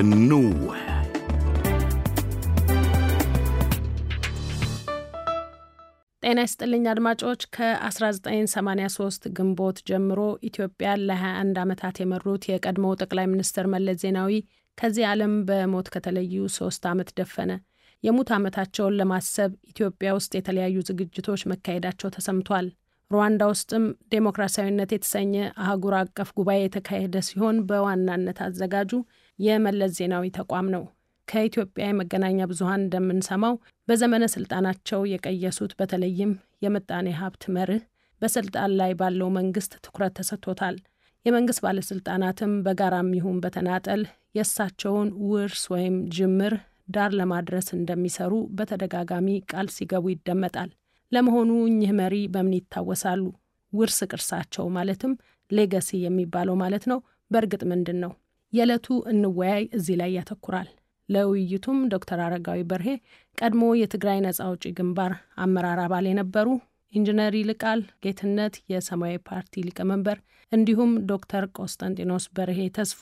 النوح ጤና ይስጥልኝ አድማጮች ከ1983 ግንቦት ጀምሮ ኢትዮጵያን ለ21 ዓመታት የመሩት የቀድሞው ጠቅላይ ሚኒስትር መለስ ዜናዊ ከዚህ ዓለም በሞት ከተለዩ ሶስት ዓመት ደፈነ። የሙት ዓመታቸውን ለማሰብ ኢትዮጵያ ውስጥ የተለያዩ ዝግጅቶች መካሄዳቸው ተሰምቷል። ሩዋንዳ ውስጥም ዴሞክራሲያዊነት የተሰኘ አህጉር አቀፍ ጉባኤ የተካሄደ ሲሆን በዋናነት አዘጋጁ የመለስ ዜናዊ ተቋም ነው። ከኢትዮጵያ የመገናኛ ብዙኃን እንደምንሰማው በዘመነ ስልጣናቸው የቀየሱት በተለይም የምጣኔ ሀብት መርህ በስልጣን ላይ ባለው መንግስት ትኩረት ተሰጥቶታል። የመንግስት ባለስልጣናትም በጋራም ይሁን በተናጠል የእሳቸውን ውርስ ወይም ጅምር ዳር ለማድረስ እንደሚሰሩ በተደጋጋሚ ቃል ሲገቡ ይደመጣል። ለመሆኑ እኚህ መሪ በምን ይታወሳሉ? ውርስ ቅርሳቸው ማለትም ሌገሲ የሚባለው ማለት ነው በእርግጥ ምንድን ነው? የዕለቱ እንወያይ እዚህ ላይ ያተኩራል። ለውይይቱም ዶክተር አረጋዊ በርሄ ቀድሞ የትግራይ ነጻ አውጪ ግንባር አመራር አባል የነበሩ ኢንጂነር ይልቃል ጌትነት የሰማያዊ ፓርቲ ሊቀመንበር እንዲሁም ዶክተር ቆስጠንጢኖስ በርሄ ተስፉ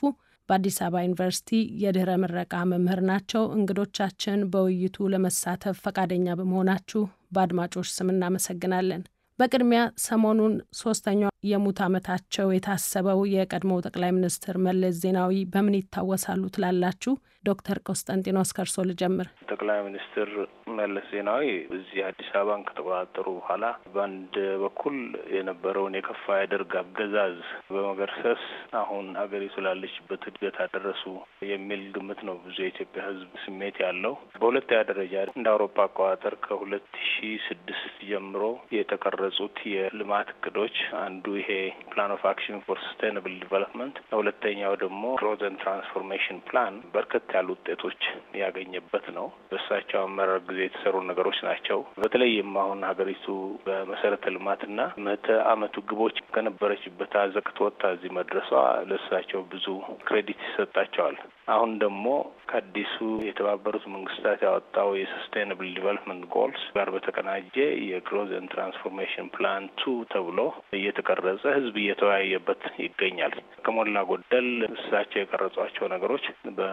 በአዲስ አበባ ዩኒቨርሲቲ የድህረ ምረቃ መምህር ናቸው። እንግዶቻችን በውይይቱ ለመሳተፍ ፈቃደኛ በመሆናችሁ በአድማጮች ስም እናመሰግናለን። በቅድሚያ ሰሞኑን ሶስተኛው የሙት ዓመታቸው የታሰበው የቀድሞው ጠቅላይ ሚኒስትር መለስ ዜናዊ በምን ይታወሳሉ ትላላችሁ? ዶክተር ቆስጠንጢኖስ ከርሶ ልጀምር። ጠቅላይ ሚኒስትር መለስ ዜናዊ እዚህ አዲስ አበባን ከተቆጣጠሩ በኋላ በአንድ በኩል የነበረውን የከፋ የደርግ አገዛዝ በመገርሰስ አሁን አገሪቱ ላለችበት እድገት አደረሱ የሚል ግምት ነው ብዙ የኢትዮጵያ ሕዝብ ስሜት ያለው። በሁለተኛ ደረጃ እንደ አውሮፓ አቆጣጠር ከሁለት ሺ ስድስት ጀምሮ የተቀረጹት የልማት እቅዶች አንዱ ይሄ ፕላን ኦፍ አክሽን ፎር ሰስቴናብል ዲቨሎፕመንት፣ ሁለተኛው ደግሞ ግሮዝ ኤንድ ትራንስፎርሜሽን ፕላን በርከት ያሉ ውጤቶች ያገኘበት ነው። በእሳቸው አመራር ጊዜ የተሰሩ ነገሮች ናቸው። በተለይም አሁን ሀገሪቱ በመሰረተ ልማትና ምዕተ ዓመቱ ግቦች ከነበረችበት አዘቅት ወጥታ እዚህ መድረሷ ለእሳቸው ብዙ ክሬዲት ይሰጣቸዋል። አሁን ደግሞ ከአዲሱ የተባበሩት መንግስታት ያወጣው የሰስቴናብል ዲቨሎፕመንት ጎልስ ጋር በተቀናጀ የግሮዝ ኤንድ ትራንስፎርሜሽን ፕላን ቱ ተብሎ እየተቀረጸ ህዝብ እየተወያየበት ይገኛል። ከሞላ ጎደል እሳቸው የቀረጿቸው ነገሮች በ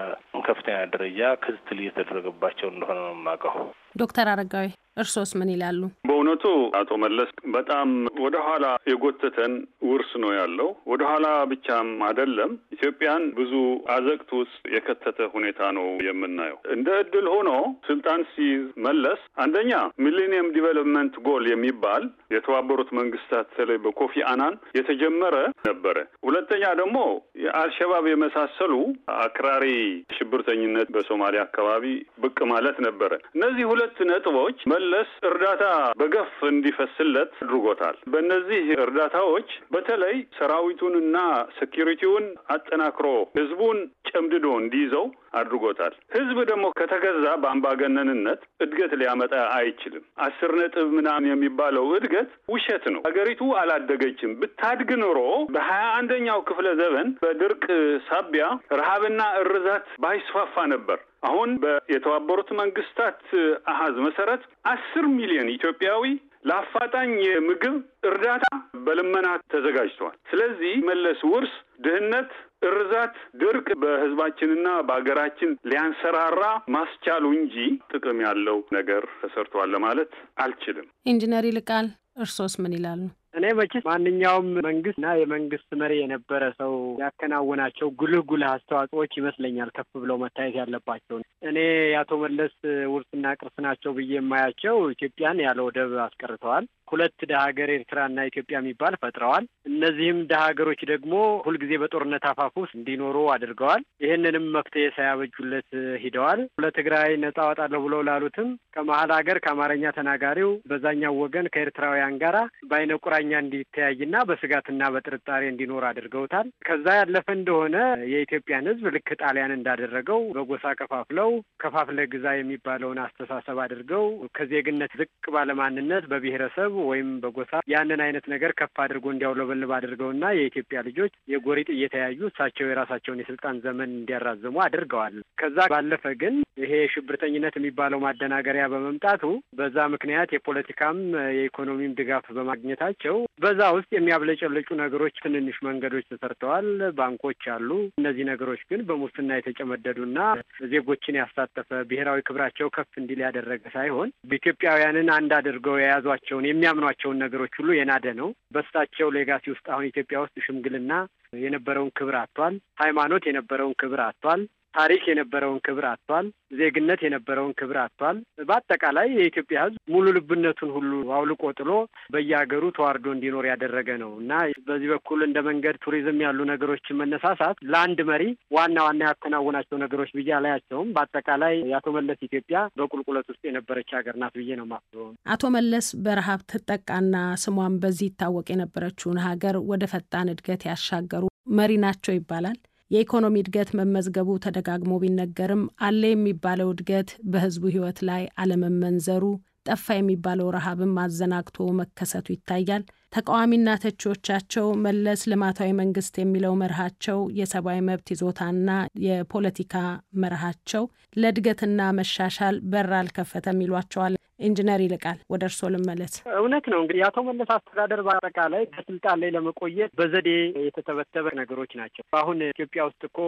በከፍተኛ ደረጃ ክትትል እየተደረገባቸው እንደሆነ ነው የማውቀው። ዶክተር አረጋዊ እርሶስ ምን ይላሉ? በእውነቱ አቶ መለስ በጣም ወደኋላ የጎተተን ውርስ ነው ያለው። ወደኋላ ብቻም አይደለም፣ ኢትዮጵያን ብዙ አዘቅት ውስጥ የከተተ ሁኔታ ነው የምናየው። እንደ እድል ሆኖ ስልጣን ሲይዝ መለስ አንደኛ ሚሊኒየም ዲቨሎፕመንት ጎል የሚባል የተባበሩት መንግስታት በተለይ በኮፊ አናን የተጀመረ ነበረ። ሁለተኛ ደግሞ የአልሸባብ የመሳሰሉ አክራሪ ሽብርተኝነት በሶማሊያ አካባቢ ብቅ ማለት ነበረ። እነዚህ ሁለት ነጥቦች መለስ እርዳታ በገፍ እንዲፈስለት አድርጎታል። በእነዚህ እርዳታዎች በተለይ ሰራዊቱንና ሴኪሪቲውን አጠናክሮ ህዝቡን ጨምድዶ እንዲይዘው አድርጎታል። ህዝብ ደግሞ ከተገዛ በአምባገነንነት እድገት ሊያመጣ አይችልም። አስር ነጥብ ምናምን የሚባለው እድገት ውሸት ነው። ሀገሪቱ አላደገችም። ብታድግ ኖሮ በሀያ አንደኛው ክፍለ ዘመን በድርቅ ሳቢያ ረሃብና እርዛት ባይስፋፋ ነበር። አሁን የተባበሩት መንግስታት አሀዝ መሰረት አስር ሚሊዮን ኢትዮጵያዊ ለአፋጣኝ የምግብ እርዳታ በልመና ተዘጋጅተዋል። ስለዚህ መለስ ውርስ ድህነት፣ እርዛት፣ ድርቅ በህዝባችንና በሀገራችን ሊያንሰራራ ማስቻሉ እንጂ ጥቅም ያለው ነገር ተሰርቷል ለማለት አልችልም። ኢንጂነር ይልቃል እርሶስ ምን ይላሉ? እኔ መቼስ ማንኛውም መንግስት እና የመንግስት መሪ የነበረ ሰው ያከናወናቸው ጉልህ ጉልህ አስተዋጽኦዎች ይመስለኛል ከፍ ብለው መታየት ያለባቸው። እኔ የአቶ መለስ ውርስና ቅርስ ናቸው ብዬ የማያቸው ኢትዮጵያን ያለ ወደብ አስቀርተዋል። ሁለት ድሀ ሀገር ኤርትራና ኢትዮጵያ የሚባል ፈጥረዋል። እነዚህም ድሀ ሀገሮች ደግሞ ሁልጊዜ በጦርነት አፋፍ ውስጥ እንዲኖሩ አድርገዋል። ይህንንም መፍትሄ ሳያበጁለት ሂደዋል። ለትግራይ ነጻ አወጣለሁ ብለው ላሉትም ከመሀል ሀገር ከአማርኛ ተናጋሪው በዛኛው ወገን ከኤርትራውያን ጋራ በአይነ ቁራኛ እንዲተያይና በስጋትና በጥርጣሬ እንዲኖር አድርገውታል። ከዛ ያለፈ እንደሆነ የኢትዮጵያን ህዝብ ልክ ጣሊያን እንዳደረገው በጎሳ ከፋፍለው ከፋፍለ ግዛ የሚባለውን አስተሳሰብ አድርገው ከዜግነት ዝቅ ባለማንነት በብሔረሰብ ወይም በጎሳ ያንን አይነት ነገር ከፍ አድርጎ እንዲያውለበልብ አድርገውና የኢትዮጵያ ልጆች የጎሪጥ እየተያዩ እሳቸው የራሳቸውን የስልጣን ዘመን እንዲያራዝሙ አድርገዋል። ከዛ ባለፈ ግን ይሄ ሽብርተኝነት የሚባለው ማደናገሪያ በመምጣቱ በዛ ምክንያት የፖለቲካም የኢኮኖሚም ድጋፍ በማግኘታቸው በዛ ውስጥ የሚያብለጨለጩ ነገሮች ትንንሽ መንገዶች ተሰርተዋል። ባንኮች አሉ። እነዚህ ነገሮች ግን በሙስና የተጨመደዱና ዜጎችን ያሳተፈ ብሔራዊ ክብራቸው ከፍ እንዲል ያደረገ ሳይሆን በኢትዮጵያውያንን አንድ አድርገው የያዟቸውን የሚያምኗቸውን ነገሮች ሁሉ የናደ ነው። በእሳቸው ሌጋሲ ውስጥ አሁን ኢትዮጵያ ውስጥ ሽምግልና የነበረውን ክብር አጥቷል። ሃይማኖት የነበረውን ክብር አጥቷል። ታሪክ የነበረውን ክብር አጥቷል። ዜግነት የነበረውን ክብር አጥቷል። በአጠቃላይ የኢትዮጵያ ሕዝብ ሙሉ ልብነቱን ሁሉ አውልቆ ጥሎ በየሀገሩ ተዋርዶ እንዲኖር ያደረገ ነው እና በዚህ በኩል እንደ መንገድ፣ ቱሪዝም ያሉ ነገሮችን መነሳሳት ለአንድ መሪ ዋና ዋና ያከናወናቸው ነገሮች ብዬ አላያቸውም። በአጠቃላይ የአቶ መለስ ኢትዮጵያ በቁልቁለት ውስጥ የነበረች ሀገር ናት ብዬ ነው የማስበው። አቶ መለስ በረሀብ ትጠቃና ስሟን በዚህ ይታወቅ የነበረችውን ሀገር ወደ ፈጣን እድገት ያሻገሩ መሪ ናቸው ይባላል። የኢኮኖሚ እድገት መመዝገቡ ተደጋግሞ ቢነገርም አለ የሚባለው እድገት በህዝቡ ህይወት ላይ አለመመንዘሩ፣ ጠፋ የሚባለው ረሃብም አዘናግቶ መከሰቱ ይታያል። ተቃዋሚና ተቺዎቻቸው መለስ ልማታዊ መንግስት የሚለው መርሃቸው የሰብአዊ መብት ይዞታና የፖለቲካ መርሃቸው ለእድገትና መሻሻል በር አልከፈተም ይሏቸዋል። ኢንጂነር ይልቃል ወደ እርስዎ ልመለስ። እውነት ነው እንግዲህ የአቶ መለስ አስተዳደር በአጠቃላይ በስልጣን ላይ ለመቆየት በዘዴ የተተበተበ ነገሮች ናቸው። አሁን ኢትዮጵያ ውስጥ እኮ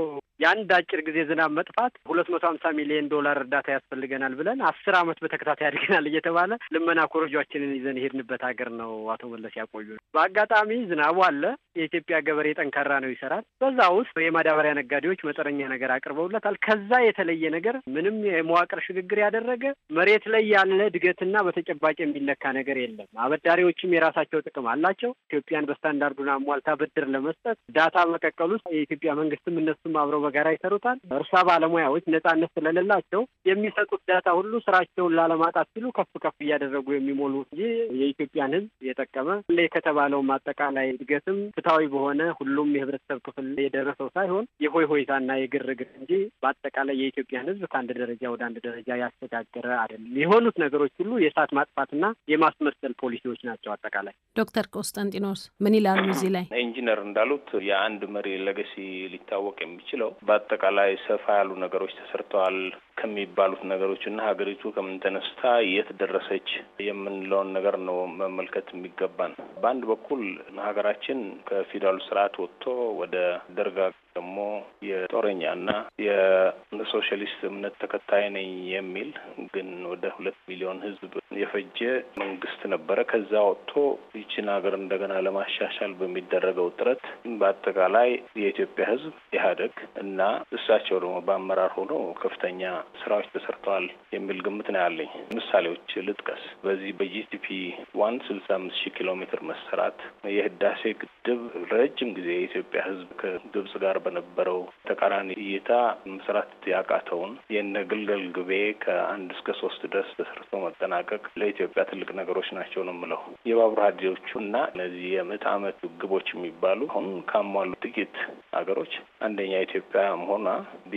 የአንድ አጭር ጊዜ ዝናብ መጥፋት ሁለት መቶ ሀምሳ ሚሊዮን ዶላር እርዳታ ያስፈልገናል ብለን አስር ዓመት በተከታታይ አድገናል እየተባለ ልመና ኮረጃችንን ይዘን የሄድንበት ሀገር ነው። አቶ መለስ ያቆዩ። በአጋጣሚ ዝናቡ አለ። የኢትዮጵያ ገበሬ ጠንካራ ነው፣ ይሰራል። በዛ ውስጥ የማዳበሪያ ነጋዴዎች መጠነኛ ነገር አቅርበውለታል። ከዛ የተለየ ነገር ምንም የመዋቅር ሽግግር ያደረገ መሬት ላይ ያለ እድገትና በተጨባጭ የሚለካ ነገር የለም። አበዳሪዎችም የራሳቸው ጥቅም አላቸው። ኢትዮጵያን በስታንዳርዱን አሟልታ ብድር ለመስጠት ዳታ መቀቀል ውስጥ የኢትዮጵያ መንግስትም እነሱም አብረው በጋራ ይሰሩታል። እርሻ ባለሙያዎች ነጻነት ስለሌላቸው የሚሰጡት ዳታ ሁሉ ስራቸውን ላለማጣት ሲሉ ከፍ ከፍ እያደረጉ የሚሞሉ እንጂ የኢትዮጵያን ሕዝብ የጠቀመ ላይ ከተባለውም አጠቃላይ እድገትም ፍትሐዊ በሆነ ሁሉም የህብረተሰብ ክፍል የደረሰው ሳይሆን የሆይ ሆይታና የግርግር እንጂ በአጠቃላይ የኢትዮጵያን ሕዝብ ከአንድ ደረጃ ወደ አንድ ደረጃ ያስተጋገረ አይደለም። የሆኑት ነገሮች ሁሉ የእሳት ማጥፋትና የማስመሰል ፖሊሲዎች ናቸው። አጠቃላይ ዶክተር ቆስጠንጢኖስ ምን ይላሉ? እዚህ ላይ ኢንጂነር እንዳሉት የአንድ መሪ ለገሲ ሊታወቅ የሚችለው በአጠቃላይ ሰፋ ያሉ ነገሮች ተሰርተዋል። ከሚባሉት ነገሮች እና ሀገሪቱ ከምን ተነስታ የት ደረሰች የምንለውን ነገር ነው መመልከት የሚገባን። በአንድ በኩል ሀገራችን ከፊውዳሉ ስርዓት ወጥቶ ወደ ደርጋ ደግሞ የጦረኛና የሶሻሊስት እምነት ተከታይ ነኝ የሚል ግን ወደ ሁለት ሚሊዮን ህዝብ የፈጀ መንግስት ነበረ። ከዛ ወጥቶ ይችን ሀገር እንደገና ለማሻሻል በሚደረገው ጥረት በአጠቃላይ የኢትዮጵያ ህዝብ ኢህአዴግ እና እሳቸው ደግሞ በአመራር ሆኖ ከፍተኛ ስራዎች ተሰርተዋል የሚል ግምት ነው ያለኝ። ምሳሌዎች ልጥቀስ። በዚህ በጂሲፒ ዋን ስልሳ አምስት ሺህ ኪሎ ሜትር መሰራት፣ የህዳሴ ግድብ ረጅም ጊዜ የኢትዮጵያ ህዝብ ከግብጽ ጋር በነበረው ተቃራኒ እይታ መስራት ያቃተውን የነ ግልገል ግቤ ከአንድ እስከ ሶስት ድረስ ተሰርቶ መጠናቀቅ ለኢትዮጵያ ትልቅ ነገሮች ናቸው ነው የምለው። የባቡር ሀዲዎቹ እና እነዚህ የምዕተ ዓመት ግቦች የሚባሉ አሁን ካሟሉ ጥቂት ሀገሮች አንደኛ ኢትዮጵያ መሆኗ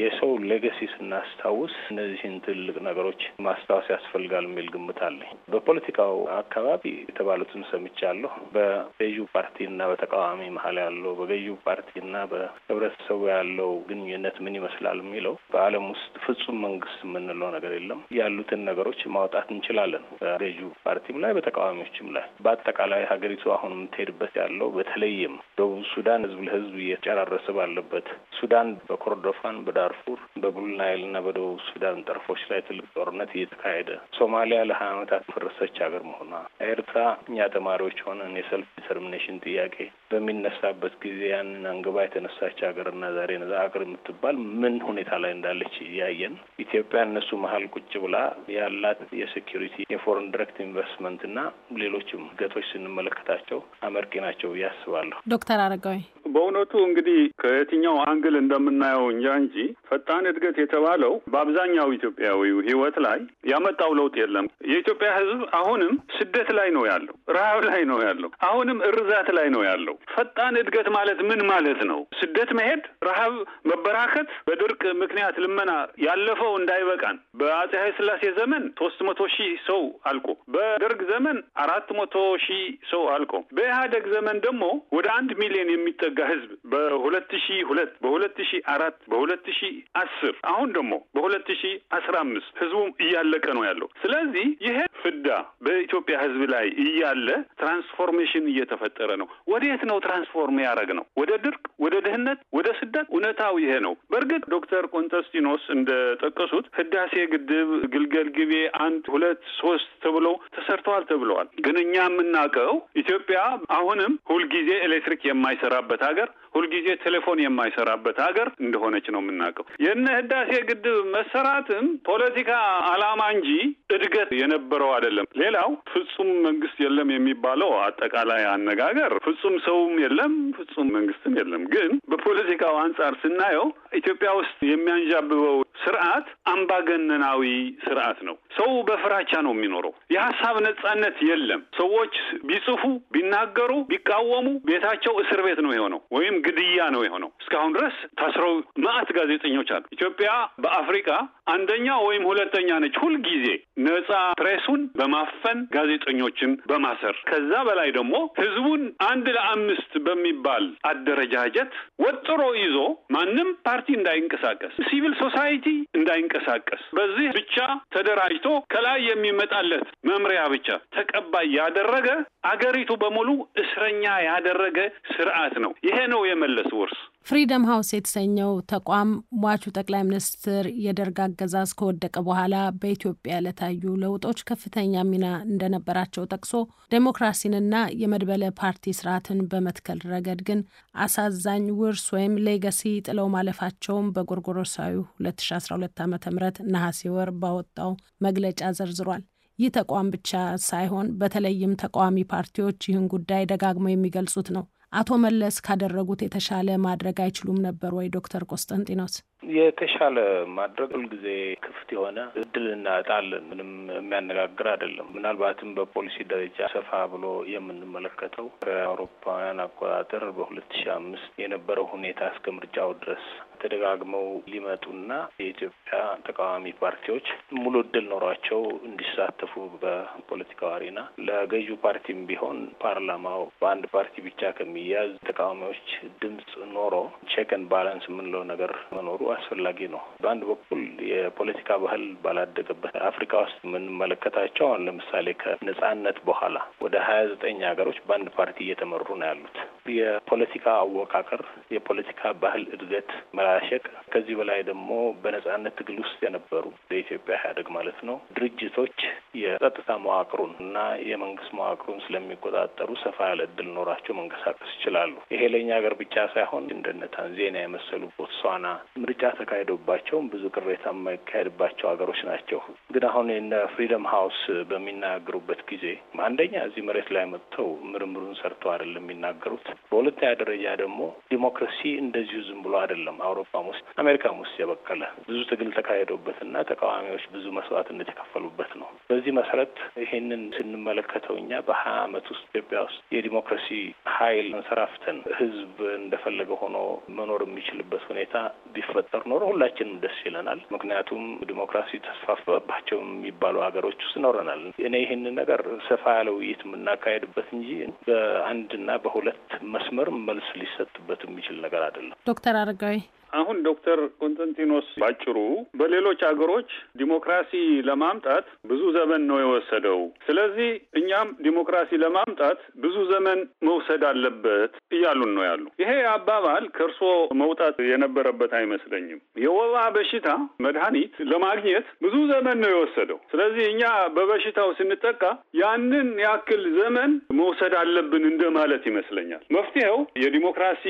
የሰው ሌገሲ ስናስታውስ እነዚህን ትልቅ ነገሮች ማስታወስ ያስፈልጋል የሚል ግምት አለኝ። በፖለቲካው አካባቢ የተባሉትን ሰምቻለሁ። በገዢው ፓርቲና በተቃዋሚ መሀል ያለው በገዢው ፓርቲና በህብረተሰቡ ያለው ግንኙነት ምን ይመስላል የሚለው በዓለም ውስጥ ፍጹም መንግስት የምንለው ነገር የለም። ያሉትን ነገሮች ማውጣት እንችላለን። በገዢው ፓርቲም ላይ በተቃዋሚዎችም ላይ በአጠቃላይ ሀገሪቱ አሁን የምትሄድበት ያለው በተለይም ደቡብ ሱዳን ህዝብ ለህዝብ እየጨራረሰ ባለበት ሱዳን በኮርዶፋን፣ በዳርፉር፣ በቡልናይል እና በደቡብ ሱዳን ጠርፎች ላይ ትልቅ ጦርነት እየተካሄደ ሶማሊያ ለሀያ ዓመታት ፈረሰች ሀገር መሆኗ ኤርትራ እኛ ተማሪዎች ሆነን የሰልፍ ዲተርሚኔሽን ጥያቄ በሚነሳበት ጊዜ ያንን አንግባ የተነሳች ሀገርና ዛሬ ነዛ ሀገር የምትባል ምን ሁኔታ ላይ እንዳለች እያየን ኢትዮጵያ እነሱ መሀል ቁጭ ብላ ያላት የሴኪሪቲ የፎረን ዲሬክት ኢንቨስትመንትና ሌሎችም ገቶች ስንመለከታቸው አመርቂ ናቸው ብዬ አስባለሁ። ዶክተር አረጋዊ በእውነቱ እንግዲህ ከየትኛው አንግል እንደምናየው እንጃ እንጂ ፈጣን እድገት የተባለው በአብዛኛው ኢትዮጵያዊው ህይወት ላይ ያመጣው ለውጥ የለም። የኢትዮጵያ ህዝብ አሁንም ስደት ላይ ነው ያለው፣ ረሀብ ላይ ነው ያለው፣ አሁንም እርዛት ላይ ነው ያለው። ፈጣን እድገት ማለት ምን ማለት ነው? ስደት መሄድ፣ ረሃብ መበራከት፣ በድርቅ ምክንያት ልመና፣ ያለፈው እንዳይበቃን በአጼ ኃይለ ሥላሴ ዘመን ሶስት መቶ ሺህ ሰው አልቆ፣ በደርግ ዘመን አራት መቶ ሺህ ሰው አልቆ፣ በኢህአደግ ዘመን ደግሞ ወደ አንድ ሚሊዮን የሚጠጋ ህዝብ በሁለት ሺ ሁለት በሁለት ሺ አራት በሁለት ሺ አስር አሁን ደግሞ በሁለት ሺ አስራ አምስት ህዝቡም እያለቀ ነው ያለው። ስለዚህ ይሄ ፍዳ በኢትዮጵያ ህዝብ ላይ እያለ ትራንስፎርሜሽን እየተፈጠረ ነው። ወዴት ነው ነው ትራንስፎርም ያደረግ ነው ወደ ድርቅ፣ ወደ ድህነት፣ ወደ ስደት። እውነታው ይሄ ነው። በእርግጥ ዶክተር ቆንጠስጢኖስ እንደጠቀሱት ህዳሴ ግድብ፣ ግልገል ግቤ አንድ ሁለት ሶስት ተብሎ ተሰርተዋል ተብለዋል። ግን እኛ የምናውቀው ኢትዮጵያ አሁንም ሁልጊዜ ኤሌክትሪክ የማይሰራበት ሀገር ሁልጊዜ ቴሌፎን የማይሰራበት ሀገር እንደሆነች ነው የምናውቀው። የነ ህዳሴ ግድብ መሰራትም ፖለቲካ አላማ እንጂ እድገት የነበረው አይደለም። ሌላው ፍጹም መንግስት የለም የሚባለው አጠቃላይ አነጋገር ፍጹም ሰው ሰውም የለም፣ ፍጹም መንግስትም የለም። ግን በፖለቲካው አንጻር ስናየው ኢትዮጵያ ውስጥ የሚያንዣብበው ስርዓት አምባገነናዊ ስርዓት ነው። ሰው በፍራቻ ነው የሚኖረው። የሀሳብ ነጻነት የለም። ሰዎች ቢጽፉ፣ ቢናገሩ፣ ቢቃወሙ ቤታቸው እስር ቤት ነው የሆነው ወይም ግድያ ነው የሆነው። እስካሁን ድረስ ታስረው መዓት ጋዜጠኞች አሉ። ኢትዮጵያ በአፍሪካ አንደኛ ወይም ሁለተኛ ነች ሁልጊዜ ነጻ ፕሬሱን በማፈን ጋዜጠኞችን በማሰር ከዛ በላይ ደግሞ ህዝቡን አንድ ለአ አምስት በሚባል አደረጃጀት ወጥሮ ይዞ ማንም ፓርቲ እንዳይንቀሳቀስ፣ ሲቪል ሶሳይቲ እንዳይንቀሳቀስ በዚህ ብቻ ተደራጅቶ ከላይ የሚመጣለት መምሪያ ብቻ ተቀባይ ያደረገ አገሪቱ በሙሉ እስረኛ ያደረገ ስርዓት ነው። ይሄ ነው የመለስ ውርስ። ፍሪደም ሀውስ የተሰኘው ተቋም ሟቹ ጠቅላይ ሚኒስትር የደርግ አገዛዝ ከወደቀ በኋላ በኢትዮጵያ ለታዩ ለውጦች ከፍተኛ ሚና እንደነበራቸው ጠቅሶ ዴሞክራሲንና የመድበለ ፓርቲ ስርዓትን በመትከል ረገድ ግን አሳዛኝ ውርስ ወይም ሌገሲ ጥለው ማለፋቸውም በጎርጎሮሳዊ 2012 ዓ ም ነሐሴ ወር ባወጣው መግለጫ ዘርዝሯል። ይህ ተቋም ብቻ ሳይሆን በተለይም ተቃዋሚ ፓርቲዎች ይህን ጉዳይ ደጋግመው የሚገልጹት ነው። አቶ መለስ ካደረጉት የተሻለ ማድረግ አይችሉም ነበር ወይ? ዶክተር ቆስጠንጢኖስ የተሻለ ማድረግ ሁልጊዜ ክፍት የሆነ እድል እናጣለን። ምንም የሚያነጋግር አይደለም። ምናልባትም በፖሊሲ ደረጃ ሰፋ ብሎ የምንመለከተው ከአውሮፓውያን አቆጣጠር በሁለት ሺ አምስት የነበረው ሁኔታ እስከ ምርጫው ድረስ ተደጋግመው ሊመጡና የኢትዮጵያ ተቃዋሚ ፓርቲዎች ሙሉ እድል ኖሯቸው እንዲሳተፉ በፖለቲካው አሬና ለገዢው ፓርቲም ቢሆን ፓርላማው በአንድ ፓርቲ ብቻ ከሚያዝ ተቃዋሚዎች ድምጽ ኖሮ ቼክ ኤንድ ባላንስ የምንለው ነገር መኖሩ አስፈላጊ ነው። በአንድ በኩል የፖለቲካ ባህል ባላደገበት አፍሪካ ውስጥ የምንመለከታቸው አሁን ለምሳሌ ከነጻነት በኋላ ወደ ሀያ ዘጠኝ ሀገሮች በአንድ ፓርቲ እየተመሩ ነው ያሉት። የፖለቲካ አወቃቀር፣ የፖለቲካ ባህል እድገት መላሸቅ፣ ከዚህ በላይ ደግሞ በነጻነት ትግል ውስጥ የነበሩ በኢትዮጵያ ኢህአዴግ ማለት ነው ድርጅቶች የጸጥታ መዋቅሩን እና የመንግስት መዋቅሩን ስለሚቆጣጠሩ ሰፋ ያለ እድል ኖራቸው መንቀሳቀስ ይችላሉ። ይሄ ለእኛ ሀገር ብቻ ሳይሆን እንደነ ታንዜኒያ የመሰሉ ቦትስዋና ምርጫ ተካሂዶባቸውም ብዙ ቅሬታ የማይካሄድባቸው ሀገሮች ናቸው። ግን አሁን እነ ፍሪደም ሀውስ በሚናገሩበት ጊዜ አንደኛ እዚህ መሬት ላይ መጥተው ምርምሩን ሰርተው አይደለም የሚናገሩት በሁለተኛ ደረጃ ደግሞ ዲሞክራሲ እንደዚሁ ዝም ብሎ አይደለም። አውሮፓም ውስጥ አሜሪካም ውስጥ የበቀለ ብዙ ትግል ተካሄዶበትና ተቃዋሚዎች ብዙ መስዋዕትነት የከፈሉበት ነው። በዚህ መሰረት ይሄንን ስንመለከተው እኛ በሀያ አመት ውስጥ ኢትዮጵያ ውስጥ የዲሞክራሲ ሀይል አንሰራፍተን ህዝብ እንደፈለገ ሆኖ መኖር የሚችልበት ሁኔታ ቢፈጠር ኖሮ ሁላችንም ደስ ይለናል። ምክንያቱም ዲሞክራሲ ተስፋፋባቸው የሚባሉ ሀገሮች ውስጥ ኖረናል። እኔ ይህንን ነገር ሰፋ ያለ ውይይት የምናካሄድበት እንጂ በአንድና በሁለት መስመር መልስ ሊሰጥበት የሚችል ነገር አይደለም። ዶክተር አረጋዊ አሁን ዶክተር ኮንስታንቲኖስ ባጭሩ በሌሎች አገሮች ዲሞክራሲ ለማምጣት ብዙ ዘመን ነው የወሰደው። ስለዚህ እኛም ዲሞክራሲ ለማምጣት ብዙ ዘመን መውሰድ አለበት እያሉን ነው ያሉ። ይሄ አባባል ከእርሶ መውጣት የነበረበት አይመስለኝም። የወባ በሽታ መድኃኒት ለማግኘት ብዙ ዘመን ነው የወሰደው። ስለዚህ እኛ በበሽታው ስንጠቃ ያንን ያክል ዘመን መውሰድ አለብን እንደማለት ይመስለኛል። መፍትሄው የዲሞክራሲ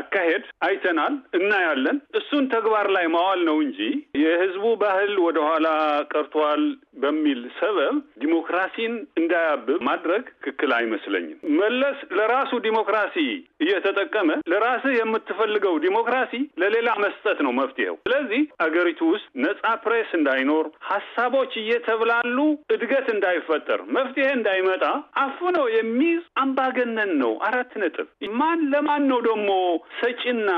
አካሄድ አይተናል እና እናያለን። እሱን ተግባር ላይ ማዋል ነው እንጂ የህዝቡ ባህል ወደኋላ ቀርቷል በሚል ሰበብ ዲሞክራሲን እንዳያብብ ማድረግ ትክክል አይመስለኝም። መለስ ለራሱ ዲሞክራሲ እየተጠቀመ ለራስህ የምትፈልገው ዲሞክራሲ ለሌላ መስጠት ነው መፍትሄው። ስለዚህ አገሪቱ ውስጥ ነጻ ፕሬስ እንዳይኖር፣ ሀሳቦች እየተብላሉ እድገት እንዳይፈጠር፣ መፍትሄ እንዳይመጣ አፍነው የሚይዝ አምባገነን ነው። አራት ነጥብ። ማን ለማን ነው ደግሞ ሰጪና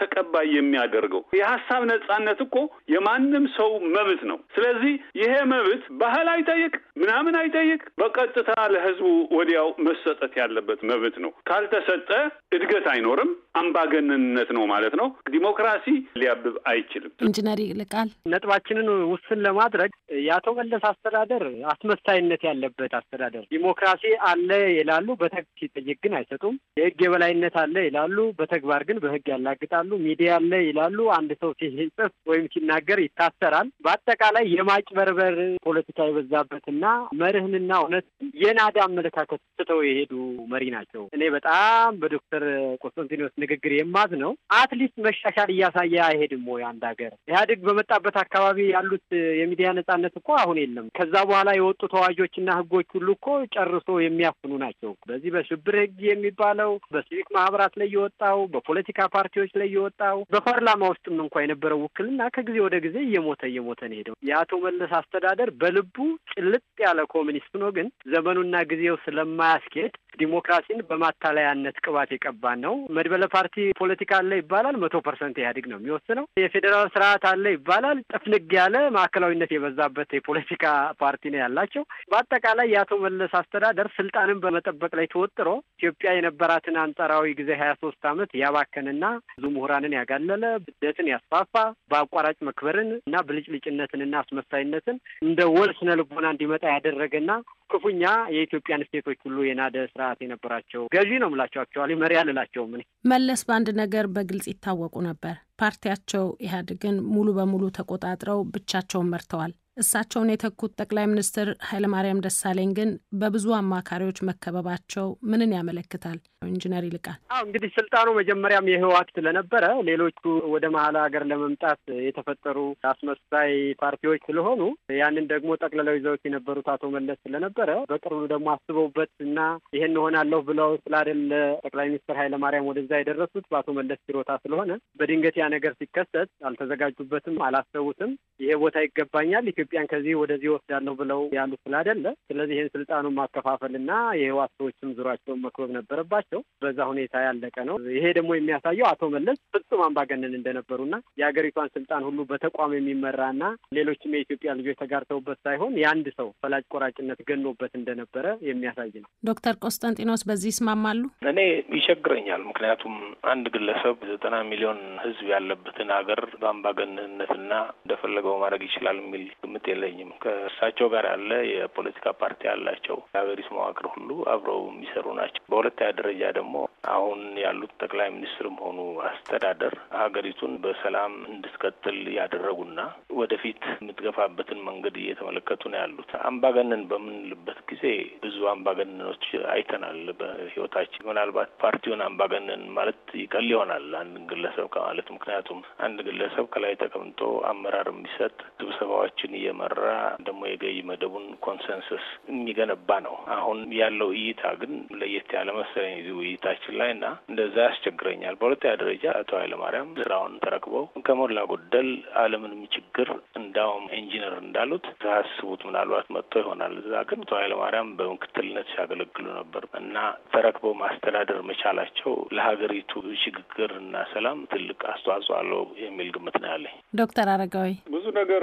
ተቀባይ የሚያደርገው። የሀሳብ ነጻነት እኮ የማንም ሰው መብት ነው። ስለዚህ ይሄ መብት ባህል አይጠይቅ፣ ምናምን አይጠይቅ። በቀጥታ ለህዝቡ ወዲያው መሰጠት ያለበት መብት ነው። ካልተሰጠ እድገት አይኖርም። አምባገነንነት ነው ማለት ነው። ዲሞክራሲ ሊያብብ አይችልም። ኢንጂነር ይልቃል ነጥባችንን ውስን ለማድረግ የአቶ መለስ አስተዳደር አስመሳይነት ያለበት አስተዳደር ዲሞክራሲ አለ ይላሉ፣ በተግ ሲጠይቅ ግን አይሰጡም። የህግ የበላይነት አለ ይላሉ፣ በተግባር ግን በህግ ያላግጣሉ። ሚዲያ አለ ይላሉ፣ አንድ ሰው ሲጽፍ ወይም ሲናገር ይታሰራል። በአጠቃላይ የማጭበርበር ፖለቲካ የበዛበትና መርህንና እውነት የናዳ አመለካከት ስተው የሄዱ መሪ ናቸው። እኔ በጣም በዶክተር ቆስጠንቲኖስ ንግግር የማዝ ነው። አትሊስት መሻሻል እያሳየ አይሄድም ወይ? አንድ ሀገር ኢህአዴግ በመጣበት አካባቢ ያሉት የሚዲያ ነጻነት እኮ አሁን የለም። ከዛ በኋላ የወጡ ተዋጆችና ህጎች ሁሉ እኮ ጨርሶ የሚያፍኑ ናቸው። በዚህ በሽብር ህግ የሚባለው በሲቪክ ማህበራት ላይ የወጣው በፖለቲካ ፓርቲዎች ላይ የወጣው በፓርላማ ውስጥም እንኳ የነበረው ውክልና ከጊዜ ወደ ጊዜ እየሞተ እየሞተ ነው ሄደው። የአቶ መለስ አስተዳደር በልቡ ጭልጥ ያለ ኮሚኒስት ነው፣ ግን ዘመኑና ጊዜው ስለማያስኬድ ዲሞክራሲን በማታለያነት ቅባት የቀባ ነው። መድበለ ፓርቲ ፖለቲካ አለ ይባላል። መቶ ፐርሰንት ኢህአዴግ ነው የሚወስነው። የፌዴራል ስርዓት አለ ይባላል። ጥፍንግ ያለ ማዕከላዊነት የበዛበት የፖለቲካ ፓርቲ ነው ያላቸው። በአጠቃላይ የአቶ መለስ አስተዳደር ስልጣንን በመጠበቅ ላይ ተወጥሮ ኢትዮጵያ የነበራትን አንጻራዊ ጊዜ ሀያ ሶስት አመት ያባከንና ብዙ ምሁራንን ያጋለለ ስደትን ያስፋፋ በአቋራጭ መክበርን እና ብልጭልጭነትንና አስመሳይነትን እንደ ወል ስነ ልቦና እንዲመጣ ያደረገና ክፉኛ የኢትዮጵያን ስቴቶች ሁሉ የናደ ስርዓት የነበራቸው ገዢ ነው ምላቸው አክቹዋሊ መሪ አልላቸውም እኔ መለስ በአንድ ነገር በግልጽ ይታወቁ ነበር። ፓርቲያቸው ኢህአዴግን ሙሉ በሙሉ ተቆጣጥረው ብቻቸውን መርተዋል። እሳቸውን የተኩት ጠቅላይ ሚኒስትር ኃይለማርያም ደሳለኝ ግን በብዙ አማካሪዎች መከበባቸው ምንን ያመለክታል? ኢንጂነር ይልቃል። አዎ እንግዲህ ስልጣኑ መጀመሪያም የህወሓት ስለነበረ ሌሎቹ ወደ መሀል ሀገር ለመምጣት የተፈጠሩ አስመሳይ ፓርቲዎች ስለሆኑ ያንን ደግሞ ጠቅልለው ይዘውት የነበሩት አቶ መለስ ስለነበረ በቅርቡ ደግሞ አስበውበት እና ይሄን እሆናለሁ ብለው ስላደለ ጠቅላይ ሚኒስትር ኃይለማርያም ወደዛ የደረሱት በአቶ መለስ ችሮታ ስለሆነ በድንገት ያ ነገር ሲከሰት አልተዘጋጁበትም፣ አላሰቡትም። ይሄ ቦታ ይገባኛል ኢትዮጵያን ከዚህ ወደዚህ ወስዳለሁ ብለው ያሉ ስላይደለ ስለዚህ ይህን ስልጣኑ ማከፋፈልና የህዋት ሰዎችም ዙሯቸውን መክበብ ነበረባቸው። በዛ ሁኔታ ያለቀ ነው። ይሄ ደግሞ የሚያሳየው አቶ መለስ ፍጹም አምባገነን እንደነበሩና የሀገሪቷን ስልጣን ሁሉ በተቋም የሚመራና ሌሎችም የኢትዮጵያ ልጆች ተጋርተውበት ሳይሆን የአንድ ሰው ፈላጭ ቆራጭነት ገኖበት እንደነበረ የሚያሳይ ነው። ዶክተር ቆስጠንጢኖስ በዚህ ይስማማሉ? እኔ ይቸግረኛል። ምክንያቱም አንድ ግለሰብ ዘጠና ሚሊዮን ህዝብ ያለበትን ሀገር በአምባገነንነትና እንደፈለገው ማድረግ ይችላል የሚል ግምት የለኝም። ከእሳቸው ጋር ያለ የፖለቲካ ፓርቲ ያላቸው የሀገሪቱ መዋቅር ሁሉ አብረው የሚሰሩ ናቸው። በሁለተኛ ደረጃ ደግሞ አሁን ያሉት ጠቅላይ ሚኒስትርም ሆኑ አስተዳደር ሀገሪቱን በሰላም እንድትቀጥል ያደረጉና ወደፊት የምትገፋበትን መንገድ እየተመለከቱ ነው ያሉት። አምባገነን በምንልበት ጊዜ ብዙ አምባገነኖች አይተናል በህይወታችን። ምናልባት ፓርቲውን አምባገነን ማለት ይቀል ይሆናል አንድ ግለሰብ ከማለት ምክንያቱም አንድ ግለሰብ ከላይ ተቀምጦ አመራር የሚሰጥ ስብሰባዎችን እየመራ ደግሞ የገቢ መደቡን ኮንሰንሰስ የሚገነባ ነው። አሁን ያለው እይታ ግን ለየት ያለ መሰለኝ እዚህ ውይይታችን ላይ እና እንደዛ ያስቸግረኛል። በሁለተኛ ደረጃ አቶ ኃይለማርያም ስራውን ተረክበው ከሞላ ጎደል አለምንም ችግር እንዳውም ኢንጂነር እንዳሉት ሳያስቡት ምናልባት መጥቶ ይሆናል እዛ ግን አቶ ኃይለማርያም በምክትልነት ሲያገለግሉ ነበር እና ተረክበው ማስተዳደር መቻላቸው ለሀገሪቱ ሽግግር እና ሰላም ትልቅ አስተዋጽኦ አለው የሚል ግምት ነው ያለኝ። ዶክተር አረጋዊ ብዙ ነገር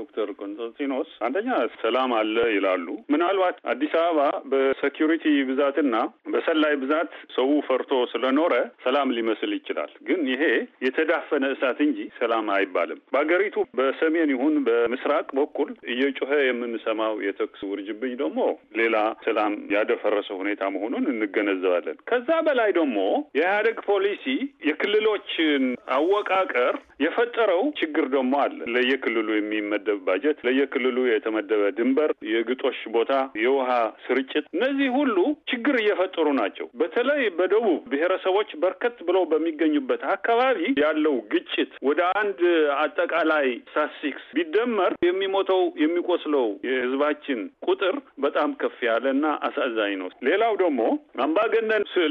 ዶክተር ዶክተር ኮንስታንቲኖስ አንደኛ ሰላም አለ ይላሉ። ምናልባት አዲስ አበባ በሴኪሪቲ ብዛትና በሰላይ ብዛት ሰው ፈርቶ ስለኖረ ሰላም ሊመስል ይችላል። ግን ይሄ የተዳፈነ እሳት እንጂ ሰላም አይባልም። በሀገሪቱ በሰሜን ይሁን በምስራቅ በኩል እየጮኸ የምንሰማው የተኩስ ውርጅብኝ ደግሞ ሌላ ሰላም ያደፈረሰ ሁኔታ መሆኑን እንገነዘባለን። ከዛ በላይ ደግሞ የኢህአደግ ፖሊሲ የክልሎችን አወቃቀር የፈጠረው ችግር ደግሞ አለ። ለየክልሉ የሚመደብ ባጀት፣ ለየክልሉ የተመደበ ድንበር፣ የግጦሽ ቦታ፣ የውሃ ስርጭት፣ እነዚህ ሁሉ ችግር እየፈጠሩ ናቸው። በተለይ በደቡብ ብሔረሰቦች በርከት ብለው በሚገኙበት አካባቢ ያለው ግጭት ወደ አንድ አጠቃላይ ሳሲክስ ቢደመር የሚሞተው የሚቆስለው የህዝባችን ቁጥር በጣም ከፍ ያለ እና አሳዛኝ ነው። ሌላው ደግሞ አምባገነን ስል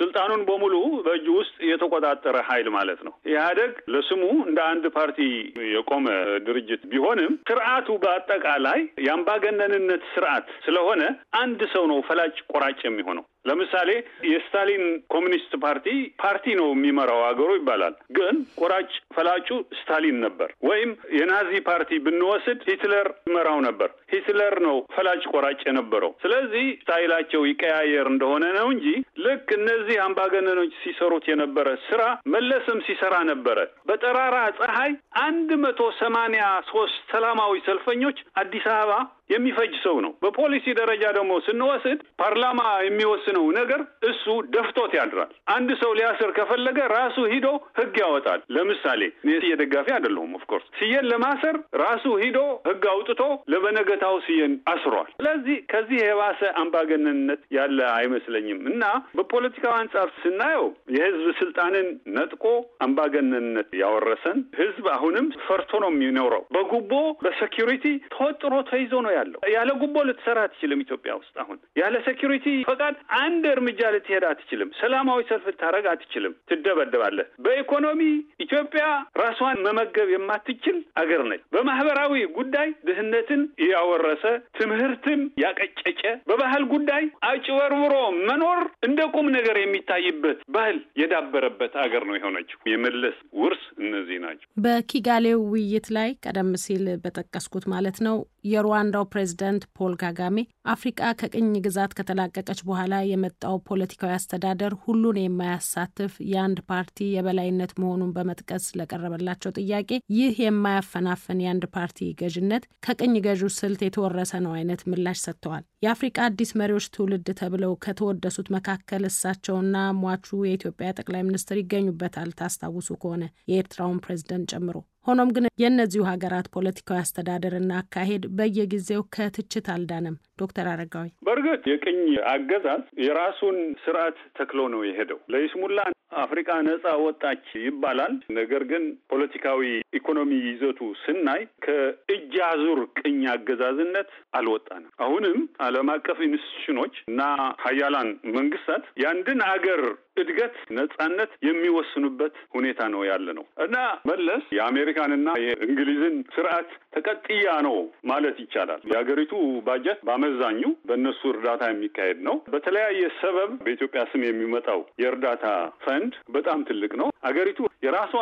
ስልጣኑን በሙሉ በእጅ ውስጥ የተቆጣጠረ ኃይል ማለት ነው። ኢህአደግ ለስሙ እንደ አንድ ፓርቲ የቆመ ድርጅት ቢሆንም ስርዓቱ በአጠቃላይ የአምባገነንነት ስርዓት ስለሆነ አንድ ሰው ነው ፈላጭ ቆራጭ የሚሆነው። ለምሳሌ የስታሊን ኮሚኒስት ፓርቲ ፓርቲ ነው የሚመራው ሀገሩ ይባላል፣ ግን ቆራጭ ፈላጩ ስታሊን ነበር። ወይም የናዚ ፓርቲ ብንወስድ ሂትለር ይመራው ነበር፣ ሂትለር ነው ፈላጭ ቆራጭ የነበረው። ስለዚህ ስታይላቸው ይቀያየር እንደሆነ ነው እንጂ ልክ እነዚህ አምባገነኖች ሲሰሩት የነበረ ስራ መለስም ሲሰራ ነበረ። በጠራራ ፀሐይ አንድ መቶ ሰማንያ ሶስት ሰላማዊ ሰልፈኞች አዲስ አበባ የሚፈጅ ሰው ነው። በፖሊሲ ደረጃ ደግሞ ስንወስድ ፓርላማ የሚወስነው ነገር እሱ ደፍቶት ያድራል። አንድ ሰው ሊያስር ከፈለገ ራሱ ሂዶ ህግ ያወጣል። ለምሳሌ እኔ ስዬ ደጋፊ አይደለሁም። ኦፍኮርስ ስዬን ለማሰር ራሱ ሂዶ ህግ አውጥቶ ለበነገታው ስዬን አስሯል። ስለዚህ ከዚህ የባሰ አምባገነንነት ያለ አይመስለኝም እና በፖለቲካው አንጻር ስናየው የህዝብ ስልጣንን ነጥቆ አምባገነንነት ያወረሰን ህዝብ አሁንም ፈርቶ ነው የሚኖረው። በጉቦ በሴኪሪቲ ተወጥሮ ተይዞ ነው አለው። ያለ ጉቦ ልትሰራ አትችልም። ኢትዮጵያ ውስጥ አሁን ያለ ሴኪሪቲ ፈቃድ አንድ እርምጃ ልትሄድ አትችልም። ሰላማዊ ሰልፍ ልታደረግ አትችልም። ትደበደባለህ። በኢኮኖሚ ኢትዮጵያ ራሷን መመገብ የማትችል አገር ነች። በማህበራዊ ጉዳይ ድህነትን ያወረሰ ትምህርትን ያቀጨጨ፣ በባህል ጉዳይ አጭበርብሮ መኖር እንደ ቁም ነገር የሚታይበት ባህል የዳበረበት አገር ነው የሆነችው። የመለስ ውርስ እነዚህ ናቸው። በኪጋሌው ውይይት ላይ ቀደም ሲል በጠቀስኩት ማለት ነው የሩዋንዳው ፕሬዚደንት ፖል ካጋሜ አፍሪቃ ከቅኝ ግዛት ከተላቀቀች በኋላ የመጣው ፖለቲካዊ አስተዳደር ሁሉን የማያሳትፍ የአንድ ፓርቲ የበላይነት መሆኑን በመጥቀስ ለቀረበላቸው ጥያቄ ይህ የማያፈናፍን የአንድ ፓርቲ ገዥነት ከቅኝ ገዢው ስልት የተወረሰ ነው አይነት ምላሽ ሰጥተዋል። የአፍሪቃ አዲስ መሪዎች ትውልድ ተብለው ከተወደሱት መካከል እሳቸውና ሟቹ የኢትዮጵያ ጠቅላይ ሚኒስትር ይገኙበታል። ታስታውሱ ከሆነ የኤርትራውን ፕሬዝደንት ጨምሮ ሆኖም ግን የእነዚሁ ሀገራት ፖለቲካዊ አስተዳደርና አካሄድ በየጊዜው ከትችት አልዳነም። ዶክተር አረጋዊ በእርግጥ የቅኝ አገዛዝ የራሱን ስርዓት ተክሎ ነው የሄደው። ለይስሙላ አፍሪካ ነጻ ወጣች ይባላል። ነገር ግን ፖለቲካዊ ኢኮኖሚ ይዘቱ ስናይ ከእጅ አዙር ቅኝ አገዛዝነት አልወጣንም። አሁንም ዓለም አቀፍ ኢንስቲቱሽኖች እና ሀያላን መንግስታት የአንድን አገር እድገት ነጻነት የሚወስኑበት ሁኔታ ነው ያለ ነው እና መለስ የአሜሪካንና የእንግሊዝን ስርዓት ተቀጥያ ነው ማለት ይቻላል። የሀገሪቱ ባጀት በአመዛኙ በእነሱ እርዳታ የሚካሄድ ነው። በተለያየ ሰበብ በኢትዮጵያ ስም የሚመጣው የእርዳታ ፈን ዘንድ በጣም ትልቅ ነው። አገሪቱ የራሷ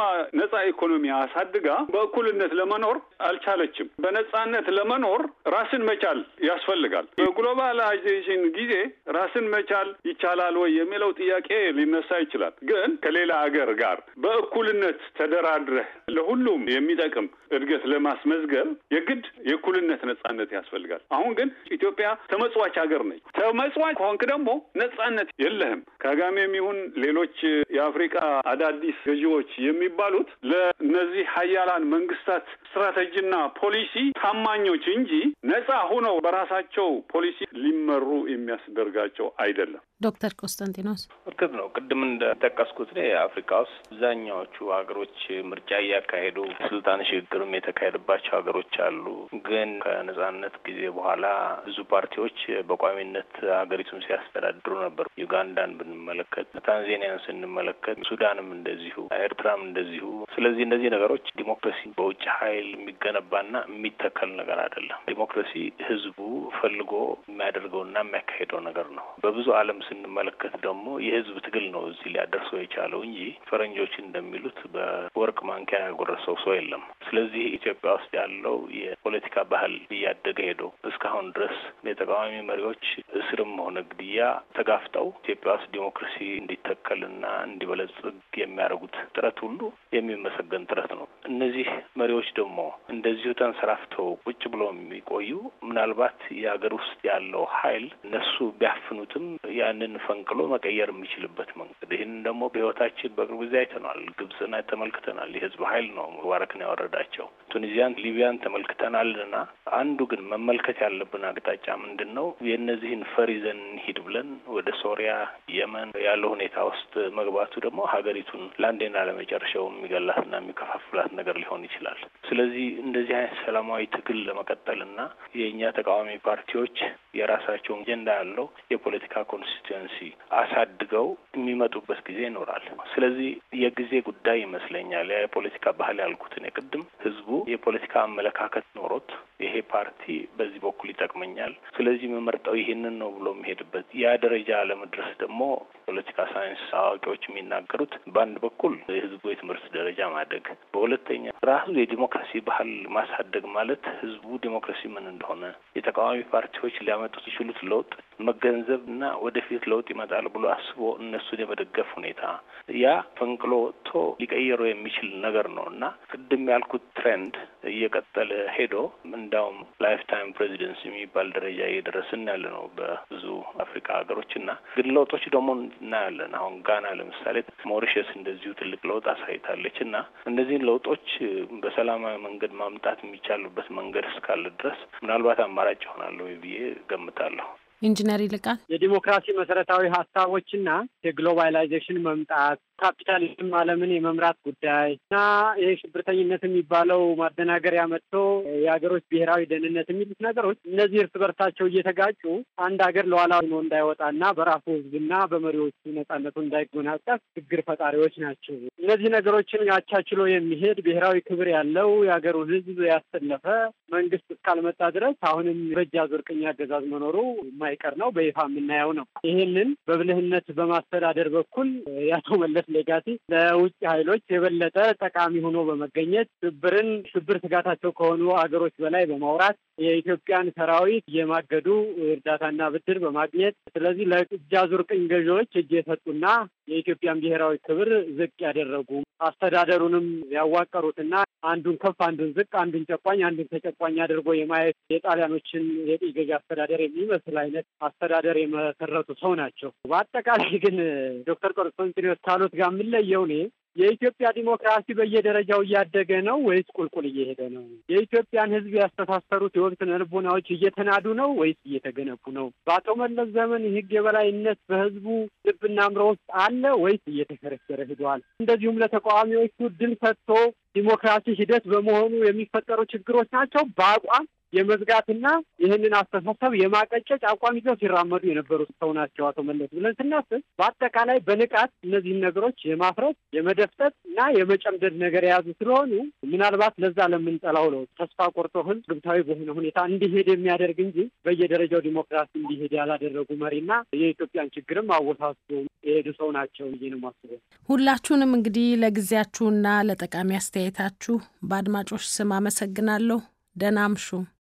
ነጻ ኢኮኖሚ አሳድጋ በእኩልነት ለመኖር አልቻለችም። በነጻነት ለመኖር ራስን መቻል ያስፈልጋል። በግሎባላይዜሽን ጊዜ ራስን መቻል ይቻላል ወይ የሚለው ጥያቄ ሊነሳ ይችላል። ግን ከሌላ አገር ጋር በእኩልነት ተደራድረህ ለሁሉም የሚጠቅም እድገት ለማስመዝገብ የግድ የእኩልነት ነጻነት ያስፈልጋል። አሁን ግን ኢትዮጵያ ተመጽዋች ሀገር ነች። ተመጽዋች ከሆንክ ደግሞ ነጻነት የለህም። ከጋሜም ይሁን ሌሎች የአፍሪቃ አዳዲስ ገዢዎች የሚባሉት ለእነዚህ ሀያላን መንግስታት ስትራቴጂና ፖሊሲ ታማኞች እንጂ ነጻ ሆነው በራሳቸው ፖሊሲ ሊመሩ የሚያስደርጋቸው አይደለም። ዶክተር ቆስጠንጢኖስ እርግጥ ነው ቅድም እንደጠቀስኩት አፍሪካ ውስጥ አብዛኛዎቹ ሀገሮች ምርጫ እያካሄዱ ስልጣን ሽግግርም የተካሄደባቸው ሀገሮች አሉ። ግን ከነጻነት ጊዜ በኋላ ብዙ ፓርቲዎች በቋሚነት ሀገሪቱን ሲያስተዳድሩ ነበር። ዩጋንዳን ብንመለከት፣ ታንዜኒያን ስንመ ስንመለከት ሱዳንም እንደዚሁ፣ ኤርትራም እንደዚሁ። ስለዚህ እነዚህ ነገሮች ዲሞክራሲ በውጭ ኃይል የሚገነባና የሚተከል ነገር አይደለም። ዲሞክራሲ ህዝቡ ፈልጎ የሚያደርገውና የሚያካሄደው ነገር ነው። በብዙ ዓለም ስንመለከት ደግሞ የህዝብ ትግል ነው እዚህ ሊያደርሰው የቻለው እንጂ ፈረንጆች እንደሚሉት በወርቅ ማንኪያ ያጎረሰው ሰው የለም። ስለዚህ ኢትዮጵያ ውስጥ ያለው የፖለቲካ ባህል እያደገ ሄዶ እስካሁን ድረስ የተቃዋሚ መሪዎች እስርም ሆነ ግድያ ተጋፍጠው ኢትዮጵያ ውስጥ ዲሞክራሲ እንዲተከልና እንዲበለጽግ የሚያደርጉት ጥረት ሁሉ የሚመሰገን ጥረት ነው። እነዚህ መሪዎች ደግሞ እንደዚሁ ተንሰራፍተው ቁጭ ብለው የሚቆዩ ምናልባት የሀገር ውስጥ ያለው ኃይል እነሱ ቢያፍኑትም ያንን ፈንቅሎ መቀየር የሚችልበት መንገድ። ይህን ደግሞ በህይወታችን በቅርብ ጊዜ አይተናል። ግብጽን ተመልክተናል። የህዝብ ሀይል ነው ሙባረክን ያወረዳቸው። ቱኒዚያን፣ ሊቢያን ተመልክተናል። እና አንዱ ግን መመልከት ያለብን አቅጣጫ ምንድን ነው? የእነዚህን ፈሪዘን ሂድ ብለን ወደ ሶሪያ፣ የመን ያለ ሁኔታ ውስጥ መግባቱ ደግሞ ሀገሪቱን ለአንዴና ለመጨረሻው የሚገላትና የሚከፋፍላት ነገር ሊሆን ይችላል። ስለዚህ እንደዚህ አይነት ሰላማዊ ትግል ለመቀጠልና የእኛ ተቃዋሚ ፓርቲዎች የራሳቸውን አጀንዳ ያለው የፖለቲካ ኮንስቲትዌንሲ አሳድገው የሚመጡበት ጊዜ ይኖራል። ስለዚህ የጊዜ ጉዳይ ይመስለኛል። ያ የፖለቲካ ባህል ያልኩትን የቅድም ህዝቡ የፖለቲካ አመለካከት ኖሮት ይሄ ፓርቲ በዚህ በኩል ይጠቅመኛል፣ ስለዚህ መመርጠው ይህንን ነው ብሎ የሚሄድበት ያ ደረጃ አለመድረስ ደግሞ ፖለቲካ ሳይንስ አዋቂዎች የሚናገሩት በአንድ በኩል የህዝቡ የትምህርት ደረጃ ማደግ፣ በሁለተኛ ራሱ የዲሞክራሲ ባህል ማሳደግ ማለት ህዝቡ ዲሞክራሲ ምን እንደሆነ የተቃዋሚ ፓርቲዎች ሊያመጡት ይችሉት ለውጥ መገንዘብና ወደፊት ለውጥ ይመጣል ብሎ አስቦ እነሱን የመደገፍ ሁኔታ ያ ፈንቅሎ ወጥቶ ሊቀይረው የሚችል ነገር ነው እና ቅድም ያልኩት ትሬንድ እየቀጠለ ሄዶ እንዳውም ላይፍ ታይም ፕሬዚደንስ የሚባል ደረጃ እየደረስን ያለ ነው በብዙ አፍሪካ ሀገሮች እና ግን ለውጦች ደግሞ እናያለን። አሁን ጋና ለምሳሌ፣ ሞሪሸስ እንደዚሁ ትልቅ ለውጥ አሳይታለች እና እነዚህን ለውጦች በሰላማዊ መንገድ ማምጣት የሚቻሉበት መንገድ እስካለ ድረስ ምናልባት አማራጭ ይሆናለሁ ብዬ ገምታለሁ። ኢንጂነር ይልቃል የዲሞክራሲ መሰረታዊ ሀሳቦችና የግሎባላይዜሽን መምጣት ካፒታሊዝም ዓለምን የመምራት ጉዳይ እና ይህ ሽብርተኝነት የሚባለው ማደናገሪያ መጥቶ የሀገሮች ብሔራዊ ደህንነት የሚሉት ነገሮች እነዚህ እርስ በርሳቸው እየተጋጩ አንድ ሀገር ለኋላ ሆኖ እንዳይወጣና በራሱ ሕዝብና በመሪዎቹ ነጻነቱ እንዳይጎናጸፍ ችግር ፈጣሪዎች ናቸው። እነዚህ ነገሮችን አቻችሎ የሚሄድ ብሔራዊ ክብር ያለው የሀገሩን ህዝብ ያሰለፈ መንግስት እስካልመጣ ድረስ አሁንም በእጅ አዙር ቅኝ አገዛዝ መኖሩ የማይቀር ነው፣ በይፋ የምናየው ነው። ይህንን በብልህነት በማስተዳደር በኩል የአቶ መለስ ሌጋሲ ለውጭ ኃይሎች የበለጠ ጠቃሚ ሆኖ በመገኘት ሽብርን ሽብር ስጋታቸው ከሆኑ አገሮች በላይ በማውራት የኢትዮጵያን ሰራዊት የማገዱ እርዳታና ብድር በማግኘት ስለዚህ ለእጅ አዙር ቅኝ ገዢዎች እጅ የሰጡና የኢትዮጵያን ብሔራዊ ክብር ዝቅ ያደረጉ አስተዳደሩንም ያዋቀሩትና አንዱን ከፍ አንዱን ዝቅ አንዱን ጨቋኝ አንዱን ተጨቋኝ አድርጎ የማየት የጣሊያኖችን የቅኝ ገዢ አስተዳደር የሚመስል አይነት አይነት አስተዳደር የመሰረቱ ሰው ናቸው። በአጠቃላይ ግን ዶክተር ቆስጠንጢኖስ ካሉት ጋር የምለየው እኔ የኢትዮጵያ ዲሞክራሲ በየደረጃው እያደገ ነው ወይስ ቁልቁል እየሄደ ነው? የኢትዮጵያን ሕዝብ ያስተሳሰሩት የወቅት ልቦናዎች እየተናዱ ነው ወይስ እየተገነቡ ነው? በአቶ መለስ ዘመን የህግ የበላይነት በህዝቡ ልብና አእምሮ ውስጥ አለ ወይስ እየተሸረሸረ ሂደዋል? እንደዚሁም ለተቃዋሚዎቹ ድል ሰጥቶ ዲሞክራሲ ሂደት በመሆኑ የሚፈጠሩ ችግሮች ናቸው። በአቋም የመዝጋትና ይህንን አስተሳሰብ የማቀጨጭ አቋም ይዘው ሲራመዱ የነበሩ ሰው ናቸው አቶ መለስ ብለን ስናስብ በአጠቃላይ በንቃት እነዚህን ነገሮች የማፍረት የመደፍጠት እና የመጨምደድ ነገር የያዙ ስለሆኑ ምናልባት ለዛ ለምንጠላው ነው ተስፋ ቆርጦ ህዝብ ግብታዊ በሆነ ሁኔታ እንዲሄድ የሚያደርግ እንጂ በየደረጃው ዲሞክራሲ እንዲሄድ ያላደረጉ መሪና የኢትዮጵያን ችግርም አወሳስቦ የሄዱ ሰው ናቸው ብዬ ነው የማስበው። ሁላችሁንም እንግዲህ ለጊዜያችሁና ለጠቃሚ አስተ አስተያየታችሁ በአድማጮች ስም አመሰግናለሁ። ደናምሹ